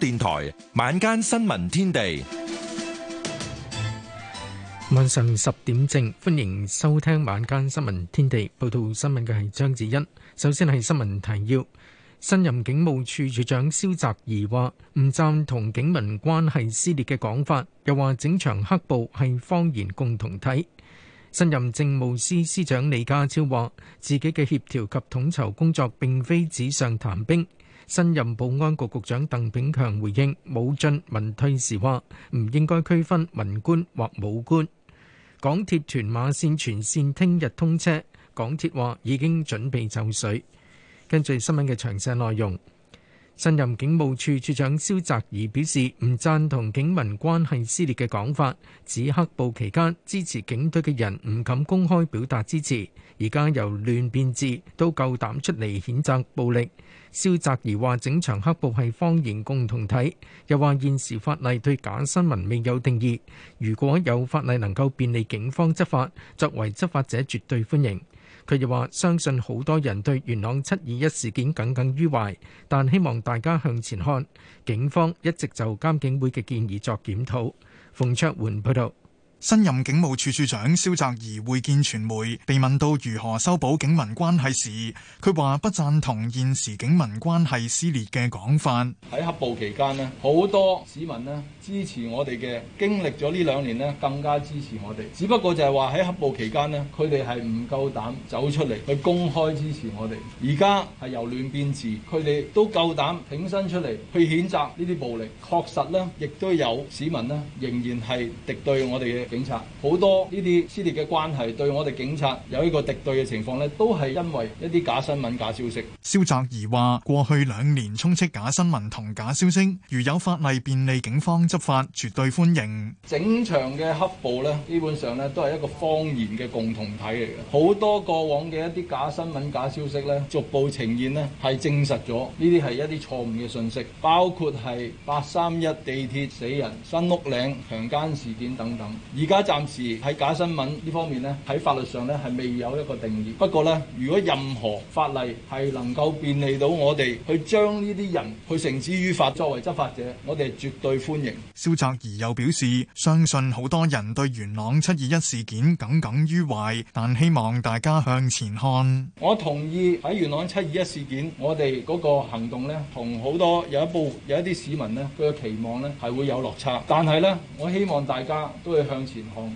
電台晚間新聞天地，晚上十點正，歡迎收聽晚間新聞天地。報道新聞嘅係張子欣。首先係新聞提要，新任警務處處長蕭澤頤話，唔贊同警民關係撕裂嘅講法，又話整場黑暴係謊言共同體。新任政務司司長李家超話，自己嘅協調及統籌工作，並非紙上談兵。新任保安局局長鄧炳強回應武進文退時話：唔應該區分文官或武官。港鐵屯馬線全線聽日通車，港鐵話已經準備就緒。跟住新聞嘅詳細內容，新任警務處處長蕭澤頤表示唔贊同警民關係撕裂嘅講法，指黑暴期間支持警隊嘅人唔敢公開表達支持，而家由亂變治都夠膽出嚟譴責暴力。蕭澤怡話：儀整場黑暴係謊言共同體，又話現時法例對假新聞未有定義。如果有法例能夠便利警方執法，作為執法者絕對歡迎。佢又話：相信好多人對元朗七二一事件耿耿於懷，但希望大家向前看。警方一直就監警會嘅建議作檢討。馮卓桓報道。新任警務處處長蕭澤頤會見傳媒，被問到如何修補警民關係時，佢話不贊同現時警民關係撕裂嘅講法。喺黑暴期間咧，好多市民咧支持我哋嘅，經歷咗呢兩年咧，更加支持我哋。只不過就係話喺黑暴期間咧，佢哋係唔夠膽走出嚟，去公開支持我哋。而家係由亂變治，佢哋都夠膽挺身出嚟，去譴責呢啲暴力。確實呢，亦都有市民咧仍然係敵對我哋嘅。警察好多呢啲撕裂嘅關係，對我哋警察有一個敵對嘅情況咧，都係因為一啲假新聞假消息。蕭澤怡話過去兩年充斥假新聞同假消息，如有法例便利警方執法，絕對歡迎。整場嘅黑暴咧，基本上咧都係一個謊言嘅共同體嚟嘅。好多過往嘅一啲假新聞假消息咧，逐步呈現咧，係證實咗呢啲係一啲錯誤嘅信息，包括係八三一地鐵死人、新屋嶺強姦事件等等。而家暫時喺假新聞呢方面，呢喺法律上呢係未有一個定義。不過呢，如果任何法例係能夠便利到我哋去將呢啲人去繩之於法作為執法者，我哋絕對歡迎。蕭澤頤又表示，相信好多人對元朗七二一事件耿耿於懷，但希望大家向前看。我同意喺元朗七二一事件，我哋嗰個行動呢，同好多有一部有一啲市民呢，佢嘅期望呢係會有落差。但係呢，我希望大家都係向。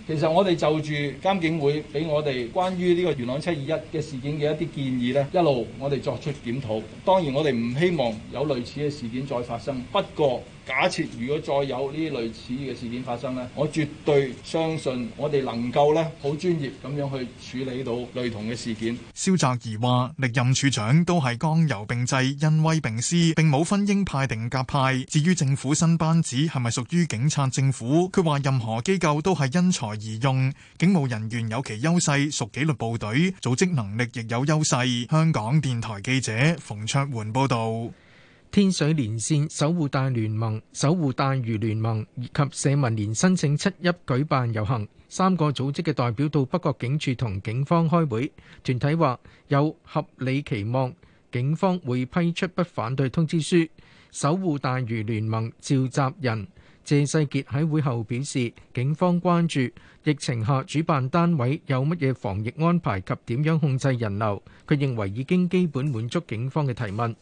其實我哋就住監警會俾我哋關於呢個元朗七二一嘅事件嘅一啲建議咧，一路我哋作出檢討。當然，我哋唔希望有類似嘅事件再發生。不過。假設如果再有呢啲類似嘅事件發生呢我絕對相信我哋能夠呢好專業咁樣去處理到類同嘅事件。蕭澤頤話，歷任處長都係剛柔並濟、恩威並施，並冇分鷹派定鴿派。至於政府新班子係咪屬於警察政府？佢話任何機構都係因材而用，警務人員有其優勢，屬紀律部隊，組織能力亦有優勢。香港電台記者馮卓媛報導。天水連線、守護大聯盟、守護大嶼聯盟以及社民連申請七一舉辦遊行，三個組織嘅代表到北角警署同警方開會。團體話有合理期望，警方會批出不反對通知書。守護大嶼聯盟召集人謝世傑喺會後表示，警方關注疫情下主辦單位有乜嘢防疫安排及點樣控制人流。佢認為已經基本滿足警方嘅提問。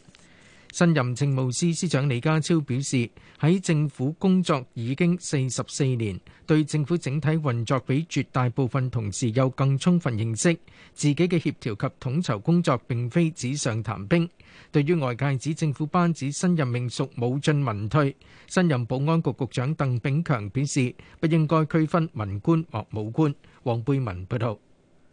新任政務司司長李家超表示，喺政府工作已經四十四年，對政府整體運作比絕大部分同事有更充分認識，自己嘅協調及統籌工作並非紙上談兵。對於外界指政府班子新任命屬武進文退，新任保安局局長鄧炳強表示，不應該區分文官或武官。黃貝文報道。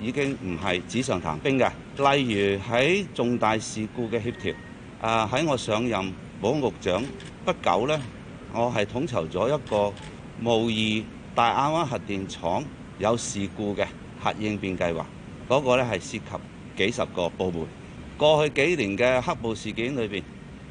已經唔係紙上談兵嘅，例如喺重大事故嘅協調，啊，喺我上任保安局長不久呢，我係統籌咗一個模擬大亞灣核電廠有事故嘅核應變計劃，嗰個呢係涉及幾十個部門。過去幾年嘅黑暴事件裏邊，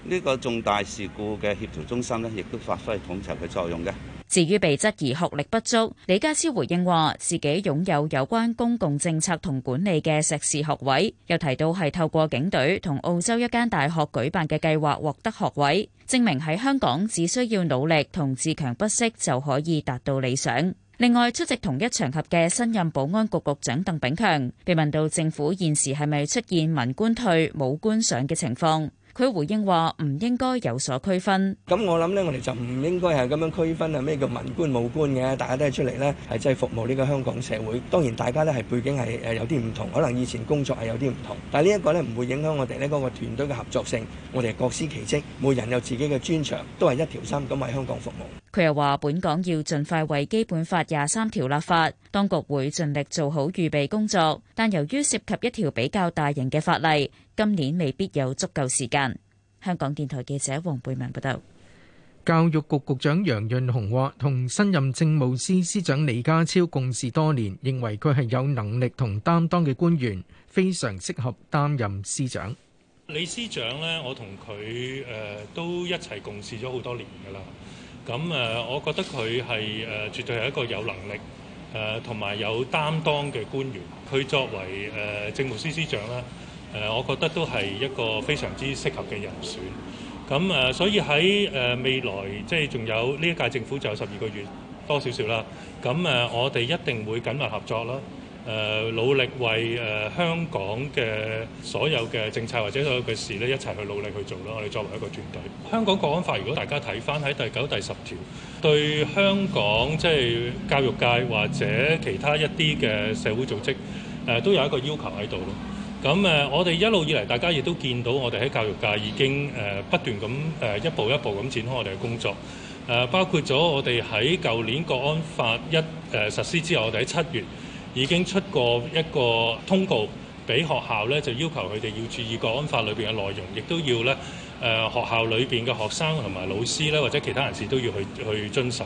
呢個重大事故嘅協調中心呢，亦都發揮統籌嘅作用嘅。至於被質疑學歷不足，李家超回應話：自己擁有有關公共政策同管理嘅碩士學位，又提到係透過警隊同澳洲一間大學舉辦嘅計劃獲得學位，證明喺香港只需要努力同自強不息就可以達到理想。另外出席同一場合嘅新任保安局局長鄧炳強，被問到政府現時係咪出現文官退武官上嘅情況？佢回應話：唔應該有所區分。咁我諗咧，我哋就唔應該係咁樣區分啊！咩叫文官武官嘅？大家都係出嚟咧，係真係服務呢個香港社會。當然，大家咧係背景係誒有啲唔同，可能以前工作係有啲唔同，但係呢一個咧唔會影響我哋呢個團隊嘅合作性。我哋各司其職，每人有自己嘅專長，都係一條心咁為香港服務。佢又話：本港要盡快為《基本法》廿三條立法，當局會盡力做好預備工作，但由於涉及一條比較大型嘅法例，今年未必有足夠時間。香港電台記者黃貝文報道。教育局局長楊潤雄話：同新任政務司司長李家超共事多年，認為佢係有能力同擔當嘅官員，非常適合擔任司長。李司長呢，我同佢誒都一齊共事咗好多年㗎啦。咁誒，我覺得佢係誒絕對係一個有能力誒同埋有擔當嘅官員。佢作為誒、呃、政務司司長啦，誒、呃、我覺得都係一個非常之適合嘅人選。咁誒、呃，所以喺誒、呃、未來即係仲有呢一屆政府就有十二個月多少少啦。咁誒、呃，我哋一定會緊密合作啦。誒、呃、努力為誒、呃、香港嘅所有嘅政策或者所有嘅事咧，一齊去努力去做咯。我哋作為一個團隊，香港國安法，如果大家睇返喺第九、第十條，對香港即係、就是、教育界或者其他一啲嘅社會組織誒、呃，都有一個要求喺度咯。咁誒、呃，我哋一路以嚟，大家亦都見到我哋喺教育界已經誒、呃、不斷咁誒、呃、一步一步咁展開我哋嘅工作誒、呃，包括咗我哋喺舊年國安法一誒、呃、實施之後，我哋喺七月。已經出過一個通告俾學校咧，就要求佢哋要注意國安法裏邊嘅內容，亦都要咧誒、呃、學校裏邊嘅學生同埋老師咧，或者其他人士都要去去遵守。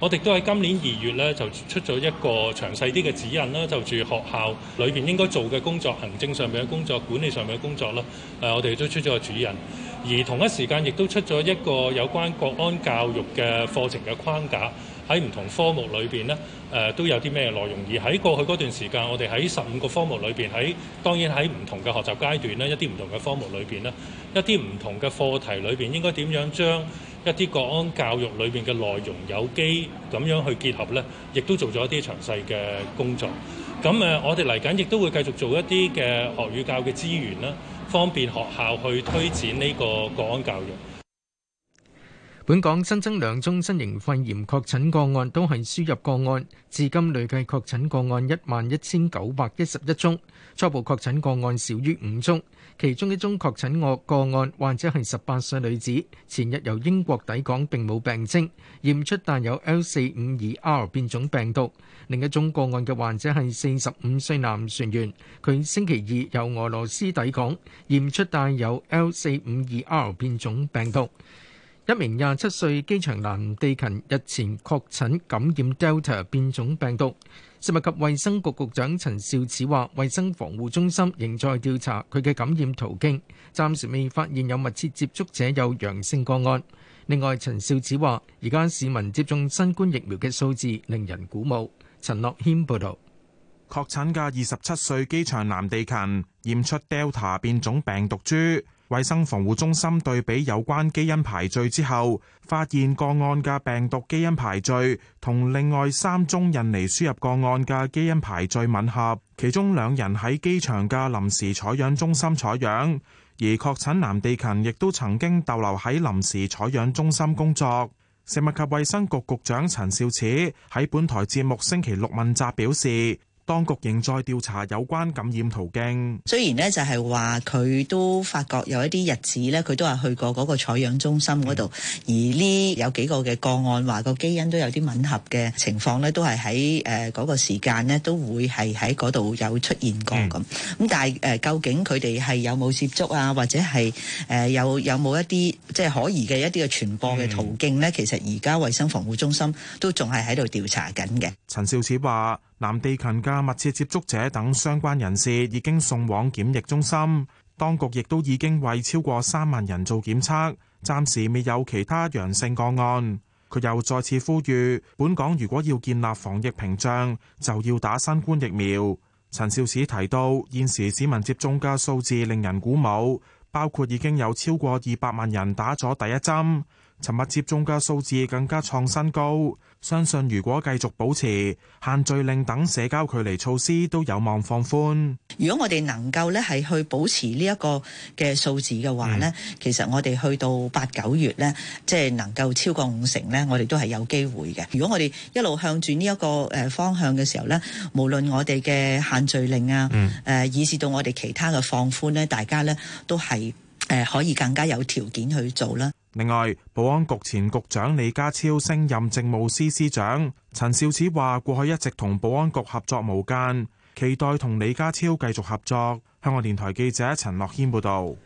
我哋都喺今年二月咧就出咗一個詳細啲嘅指引啦，就住學校裏邊應該做嘅工作、行政上面嘅工作、管理上面嘅工作啦。誒、呃，我哋都出咗個指引，而同一時間亦都出咗一個有關國安教育嘅課程嘅框架。喺唔同科目裏邊咧，誒、呃、都有啲咩內容？而喺過去嗰段時間，我哋喺十五個科目裏邊，喺當然喺唔同嘅學習階段咧，一啲唔同嘅科目裏邊咧，一啲唔同嘅課題裏邊應該點樣將一啲國安教育裏邊嘅內容有機咁樣去結合咧，亦都做咗一啲詳細嘅工作。咁誒，我哋嚟緊亦都會繼續做一啲嘅學與教嘅資源啦，方便學校去推展呢個國安教育。本港新增兩宗新型肺炎確診個案，都係輸入個案。至今累計確診個案一萬一千九百一十一宗，初步確診個案少於五宗。其中一宗確診個案患者係十八歲女子，前日由英國抵港並冇病徵，驗出帶有 L 四五二 R 變種病毒。另一宗個案嘅患者係四十五歲男船員，佢星期二由俄羅斯抵港，驗出帶有 L 四五二 R 變種病毒。一名廿七歲機場男地勤日前確診感染 Delta 變種病毒。食物及衛生局局長陳肇始話，衛生防護中心仍在調查佢嘅感染途徑，暫時未發現有密切接觸者有陽性個案。另外，陳肇始話，而家市民接種新冠疫苗嘅數字令人鼓舞。陳樂軒報導。確診嘅二十七歲機場男地勤驗出 Delta 變種病毒株。衛生防護中心對比有關基因排序之後，發現個案嘅病毒基因排序同另外三宗印尼輸入個案嘅基因排序吻合，其中兩人喺機場嘅臨時採樣中心採樣，而確診男地勤亦都曾經逗留喺臨時採樣中心工作。食物及衛生局局長陳肇始喺本台節目星期六問責表示。當局仍在調查有關感染途徑。雖然呢，就係話佢都發覺有一啲日子咧，佢都係去過嗰個採樣中心嗰度。嗯、而呢有幾個嘅個案話個基因都有啲吻合嘅情況咧，都係喺誒嗰個時間咧都會係喺嗰度有出現過咁。咁、嗯、但係誒、呃、究竟佢哋係有冇接觸啊，或者係誒、呃、有有冇一啲即係可疑嘅一啲嘅傳播嘅途徑咧？嗯、其實而家衞生防護中心都仲係喺度調查緊嘅。陳肇始話。南地勤嘅密切接觸者等相關人士已經送往檢疫中心，當局亦都已經為超過三萬人做檢測，暫時未有其他陽性個案。佢又再次呼籲，本港如果要建立防疫屏障，就要打新冠疫苗。陳肇始提到，現時市民接種嘅數字令人鼓舞，包括已經有超過二百萬人打咗第一針。尋日接種嘅數字更加創新高，相信如果繼續保持限聚令等社交距離措施都有望放寬。如果我哋能夠咧係去保持呢一個嘅數字嘅話咧，嗯、其實我哋去到八九月咧，即係能夠超過五成咧，我哋都係有機會嘅。如果我哋一路向住呢一個誒方向嘅時候咧，無論我哋嘅限聚令啊，誒、嗯呃、以至到我哋其他嘅放寬咧，大家咧都係誒可以更加有條件去做啦。另外，保安局前局長李家超升任政務司司長，陳肇始話過去一直同保安局合作無間，期待同李家超繼續合作。香港電台記者陳樂謙報道。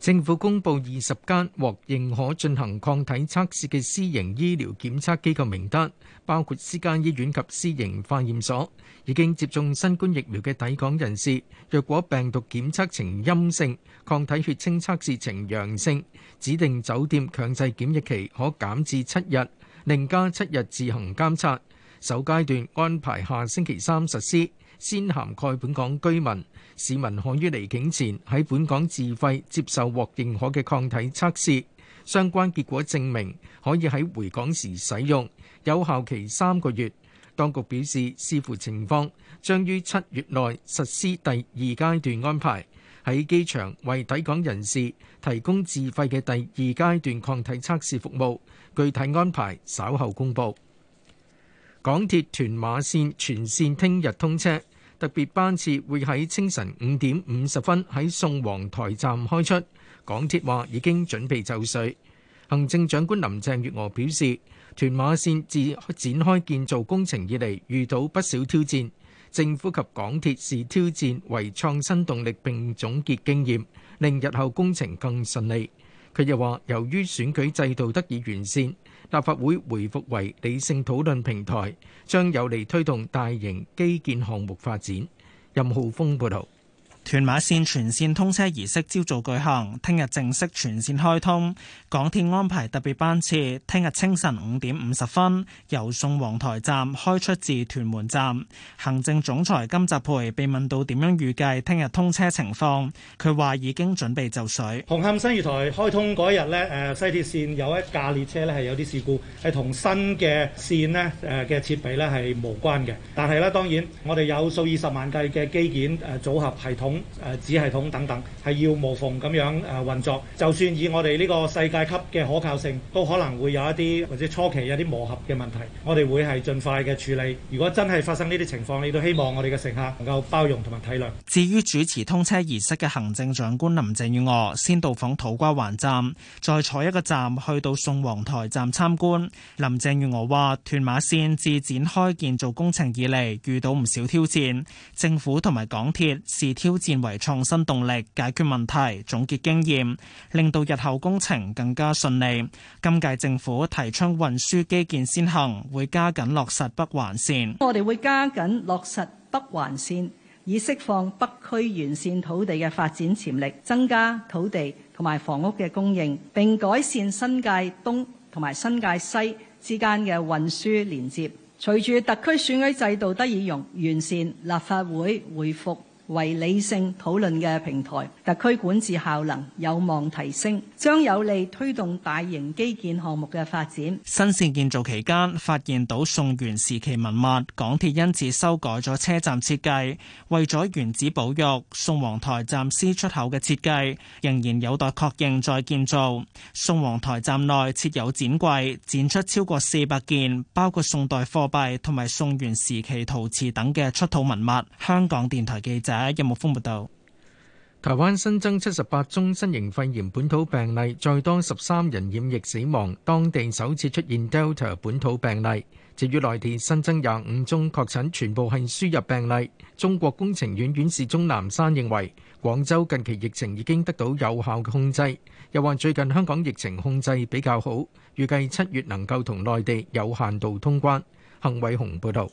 政府公布二十間獲認可進行抗體測試嘅私營醫療檢測機構名單。包括私家醫院及私營化驗所，已經接種新冠疫苗嘅抵港人士，若果病毒檢測呈陰性，抗體血清測試呈陽性，指定酒店強制檢疫期可減至七日，另加七日自行監測。首階段安排下星期三實施，先涵蓋本港居民。市民可於離境前喺本港自費接受獲認可嘅抗體測試。相關結果證明可以喺回港時使用，有效期三個月。當局表示，視乎情況，將於七月內實施第二階段安排，喺機場為抵港人士提供自費嘅第二階段抗體測試服務，具體安排稍後公布。港鐵屯馬線全線聽日通車，特別班次會喺清晨五點五十分喺宋皇臺站開出。港鐵話已經準備就緒。行政長官林鄭月娥表示，屯馬線自展開建造工程以嚟遇到不少挑戰，政府及港鐵視挑戰為創新動力，並總結經驗，令日後工程更順利。佢又話，由於選舉制度得以完善，立法會回復為理性討論平台，將有利推動大型基建項目發展。任浩峰報導。屯馬線全線通車儀式朝早舉行，聽日正式全線開通。港鐵安排特別班次，聽日清晨五點五十分由宋皇台站開出至屯門站。行政總裁金澤培被問到點樣預計聽日通車情況，佢話已經準備就緒。紅磡新月台開通嗰日呢誒，西鐵線有一架列車咧係有啲事故，係同新嘅線呢誒嘅設備呢係無關嘅。但係呢，當然我哋有數以十萬計嘅機件誒組合系統。誒子系統等等係要無縫咁樣誒運作，就算以我哋呢個世界級嘅可靠性，都可能會有一啲或者初期有啲磨合嘅問題，我哋會係盡快嘅處理。如果真係發生呢啲情況，你都希望我哋嘅乘客能夠包容同埋體諒。至於主持通車儀式嘅行政長官林鄭月娥，先到訪土瓜灣站，再坐一個站去到宋皇台站參觀。林鄭月娥話：屯馬線自展開建造工程以嚟，遇到唔少挑戰，政府同埋港鐵是挑戰為創新動力，解決問題，總結經驗，令到日後工程更加順利。今屆政府提倡運輸基建先行，會加緊落實北環線。我哋會加緊落實北環線，以釋放北區完善土地嘅發展潛力，增加土地同埋房屋嘅供應，並改善新界東同埋新界西之間嘅運輸連接。隨住特區選舉制度得以用、完善，立法會恢復為理性討論嘅平台，特區管治效能有望提升，將有利推動大型基建項目嘅發展。新線建造期間發現到宋元時期文物，港鐵因此修改咗車站設計。為咗原址保育，宋皇台站 C 出口嘅設計仍然有待確認。再建造宋皇台站內設有展櫃，展出超過四百件，包括宋代貨幣同埋宋元時期陶瓷等嘅出土文物。香港電台記者。喺任木峰報道，台灣新增七十八宗新型肺炎本土病例，再多十三人染疫死亡，當地首次出現 Delta 本土病例。至於內地新增廿五宗確診，全部係輸入病例。中國工程院院士鍾南山認為，廣州近期疫情已經得到有效嘅控制，又話最近香港疫情控制比較好，預計七月能夠同內地有限度通關。幸偉雄報道。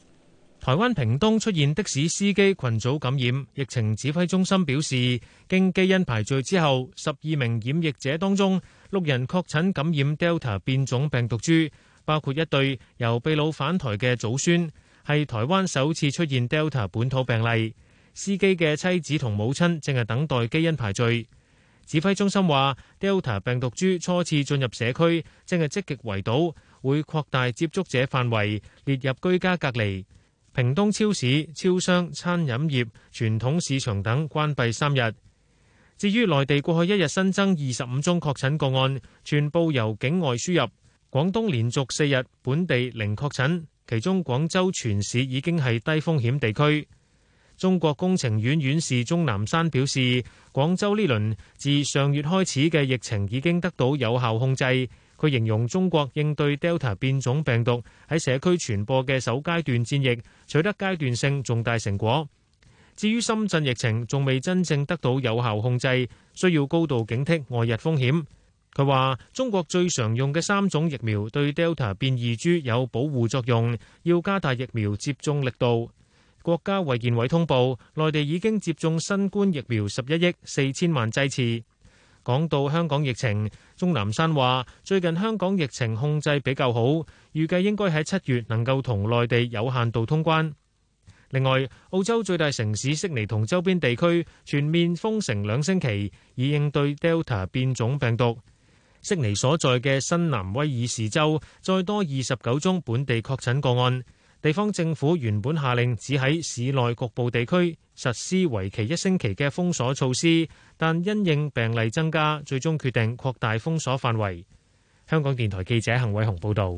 台灣屏東出現的士司機群組感染，疫情指揮中心表示，經基因排序之後，十二名染疫者當中六人確診感染 Delta 變種病毒株，包括一對由秘魯返台嘅祖孫，係台灣首次出現 Delta 本土病例。司機嘅妻子同母親正系等待基因排序。指揮中心話，Delta 病毒株初次進入社區，正係積極圍堵，會擴大接觸者範圍，列入居家隔離。屏東超市、超商、餐飲業、傳統市場等關閉三日。至於內地過去一日新增二十五宗確診個案，全部由境外輸入。廣東連續四日本地零確診，其中廣州全市已經係低風險地區。中國工程院院院士鍾南山表示，廣州呢輪自上月開始嘅疫情已經得到有效控制。佢形容中國應對 Delta 變種病毒喺社區傳播嘅首階段戰役取得階段性重大成果。至於深圳疫情，仲未真正得到有效控制，需要高度警惕外溢風險。佢話：中國最常用嘅三種疫苗對 Delta 變異株有保護作用，要加大疫苗接種力度。國家衛健委通報，內地已經接種新冠疫苗十一億四千萬劑次。講到香港疫情，鍾南山話：最近香港疫情控制比較好，預計應該喺七月能夠同內地有限度通關。另外，澳洲最大城市悉尼同周邊地區全面封城兩星期，以應對 Delta 變種病毒。悉尼所在嘅新南威爾士州再多二十九宗本地確診個案。地方政府原本下令只喺市內局部地區實施為期一星期嘅封鎖措施，但因應病例增加，最終決定擴大封鎖範圍。香港電台記者恒偉雄報道。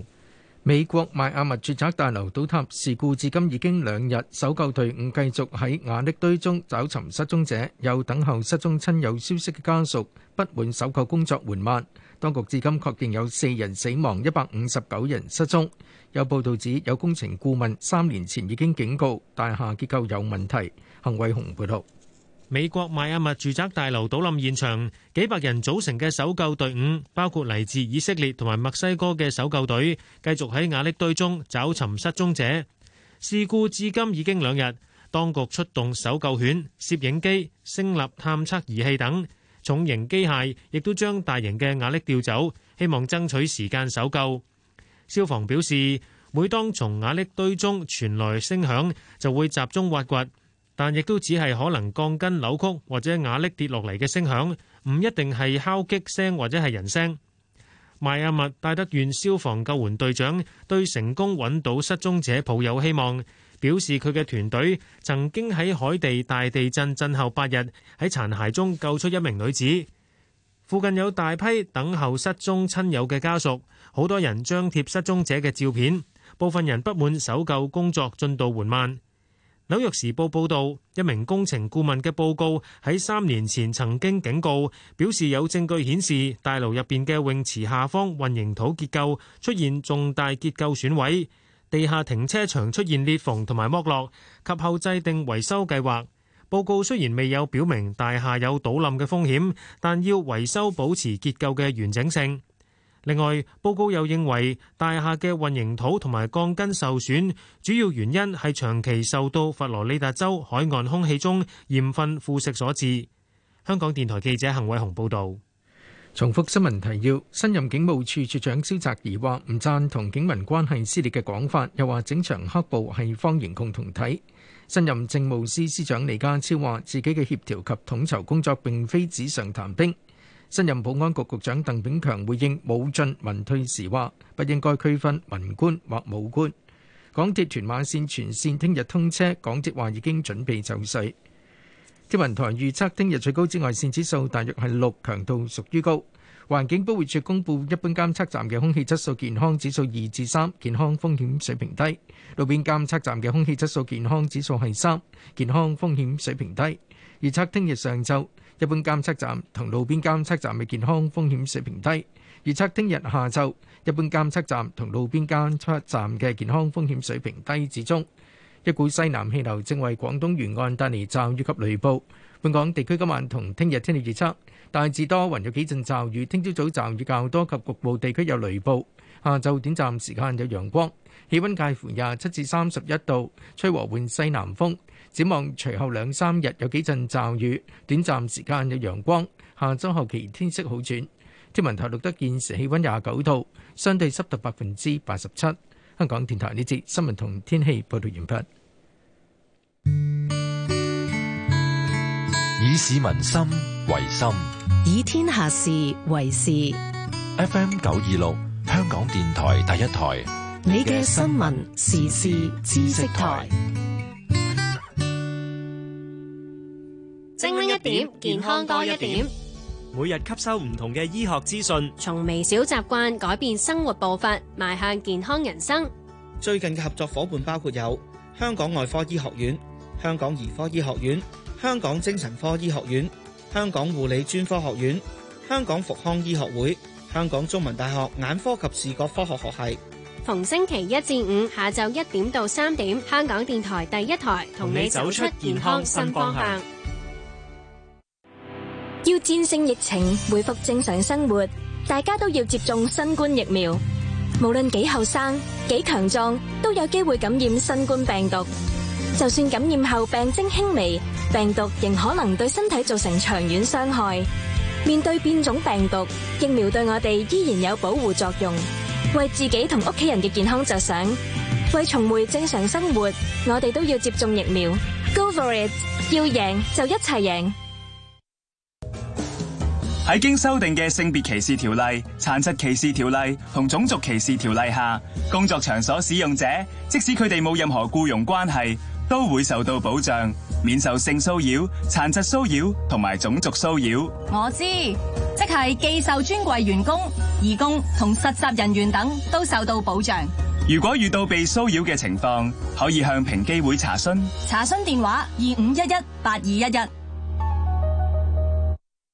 美國邁阿密住宅大樓倒塌事故至今已經兩日，搜救隊伍繼續喺瓦礫堆中找尋失蹤者，有等候失蹤親友消息嘅家屬不滿搜救工作緩慢。當局至今確認有四人死亡，一百五十九人失蹤。有報道指有工程顧問三年前已經警告大廈結構有問題。幸偉雄報道。美國邁阿密住宅大樓倒冧現場，幾百人組成嘅搜救隊伍，包括嚟自以色列同埋墨西哥嘅搜救隊，繼續喺瓦礫堆中找尋失蹤者。事故至今已經兩日，當局出動搜救犬、攝影機、聲納探測儀器等重型機械，亦都將大型嘅瓦礫調走，希望爭取時間搜救。消防表示，每當從瓦礫堆中傳來聲響，就會集中挖掘，但亦都只係可能鋼筋扭曲或者瓦礫跌落嚟嘅聲響，唔一定係敲擊聲或者係人聲。邁阿密戴德縣消防救援隊長對成功搵到失蹤者抱有希望，表示佢嘅團隊曾經喺海地大地震震後八日喺殘骸中救出一名女子。附近有大批等候失蹤親友嘅家屬。好多人張貼失蹤者嘅照片，部分人不滿搜救工作進度緩慢。紐約時報報導，一名工程顧問嘅報告喺三年前曾經警告，表示有證據顯示大樓入邊嘅泳池下方混凝土結構出現重大結構損毀，地下停車場出現裂縫同埋剝落，及後制定維修計劃。報告雖然未有表明大廈有倒冧嘅風險，但要維修保持結構嘅完整性。另外，報告又認為大廈嘅混凝土同埋鋼筋受損，主要原因係長期受到佛羅里達州海岸空氣中鹽分腐蝕所致。香港電台記者幸偉雄報導。重複新聞提要：新任警務處處長蕭澤頤話唔贊同警民關係撕裂嘅講法，又話整場黑暴係方言共同體。新任政務司司長李家超話自己嘅協調及統籌工作並非紙上談兵。新任保安局局長鄧炳強回應武進民退時話：不應該區分文官或武官。港鐵屯馬線全線聽日通車，港鐵話已經準備就緒。天文台預測聽日最高紫外線指數大約係六，強度屬於高。環境保護署公布一般監測站嘅空氣質素健康指數二至三，健康風險水平低。路邊監測站嘅空氣質素健康指數係三，健康風險水平低。預測聽日上晝。一般監測站同路邊監測站嘅健康風險水平低，預測聽日下晝一般監測站同路邊監測站嘅健康風險水平低至中。一股西南氣流正為廣東沿岸帶嚟驟雨及雷暴。本港地區今晚同聽日天氣預測大致多雲，有幾陣驟雨，聽朝早驟雨較多及局部地區有雷暴。下晝短暫時間有陽光，氣温介乎廿七至三十一度，吹和緩西南風。展望隨後兩三日有幾陣驟雨，短暫時間有陽光。下周後期天色好轉。天文台錄得現時氣溫廿九度，相對濕度百分之八十七。香港電台呢節新聞同天氣報道完畢。以市民心為心，以天下事為事。FM 九二六，香港電台第一台，你嘅新聞時事知識台。.精靈一點，健康多一點。每日吸收唔同嘅醫學資訊，從微小習慣改變生活步伐，邁向健康人生。最近嘅合作伙伴包括有香港外科醫學院、香港兒科醫學院、香港精神科醫學院、香港護理專科學院、香港復康醫學會、香港中文大學眼科及視覺科學學系。逢星期一至五下晝一點到三點，香港電台第一台同你走出健康新方向。要戰勝疫情，回復正常生活，大家都要接種新冠疫苗。無論幾後生、幾強壯，都有機會感染新冠病毒。就算感染後病徵輕微，病毒仍可能對身體造成長遠傷害。面對變種病毒，疫苗對我哋依然有保護作用。為自己同屋企人嘅健康着想，為重回正常生活，我哋都要接種疫苗。Go for it！要贏就一齊贏。喺經修訂嘅性別歧視條例、殘疾歧視條例同種族歧視條例下，工作場所使用者即使佢哋冇任何僱傭關係，都會受到保障，免受性騷擾、殘疾騷擾同埋種族騷擾。我知，即係寄售專櫃員工、義工同實習人員等都受到保障。如果遇到被騷擾嘅情況，可以向平機會查詢。查詢電話：二五一一八二一一。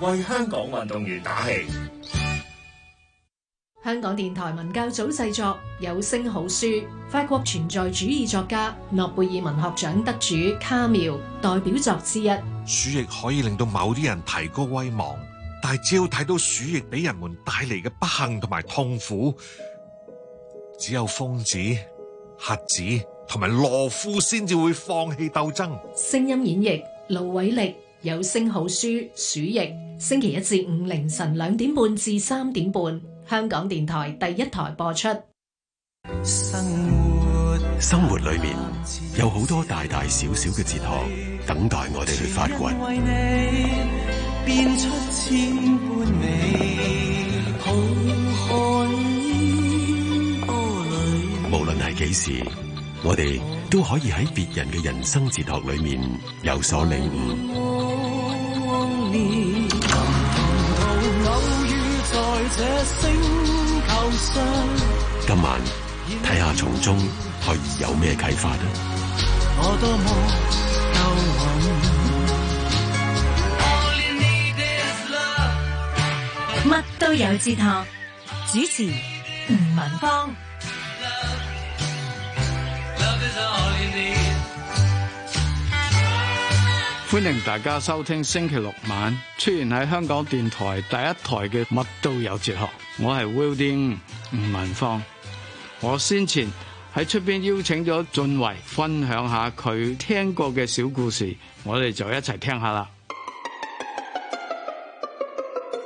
為香港運動員打氣。香港電台文教組製作有聲好書。法國存在主義作家、諾貝爾文學獎得主卡繆代表作之一。鼠疫可以令到某啲人提高威望，但係只要睇到鼠疫俾人們帶嚟嘅不幸同埋痛苦，只有瘋子、瞎子同埋懦夫先至會放棄鬥爭。聲音演繹：盧偉力。有聲好書《鼠疫》，星期一至五凌晨兩點半至三點半，香港電台第一台播出。生活，生活裏面有好多大大小小嘅哲學，等待我哋去發掘。哦、無論係幾時，我哋都可以喺別人嘅人生哲學裏面有所領悟。今晚睇下從中可以有咩啟發呢？乜都有哲學，主持吳文芳。歡迎大家收聽星期六晚出現喺香港電台第一台嘅《乜都有哲學》，我係 Will Ding 吳文芳。我先前喺出邊邀請咗俊維分享下佢聽過嘅小故事，我哋就一齊聽下啦。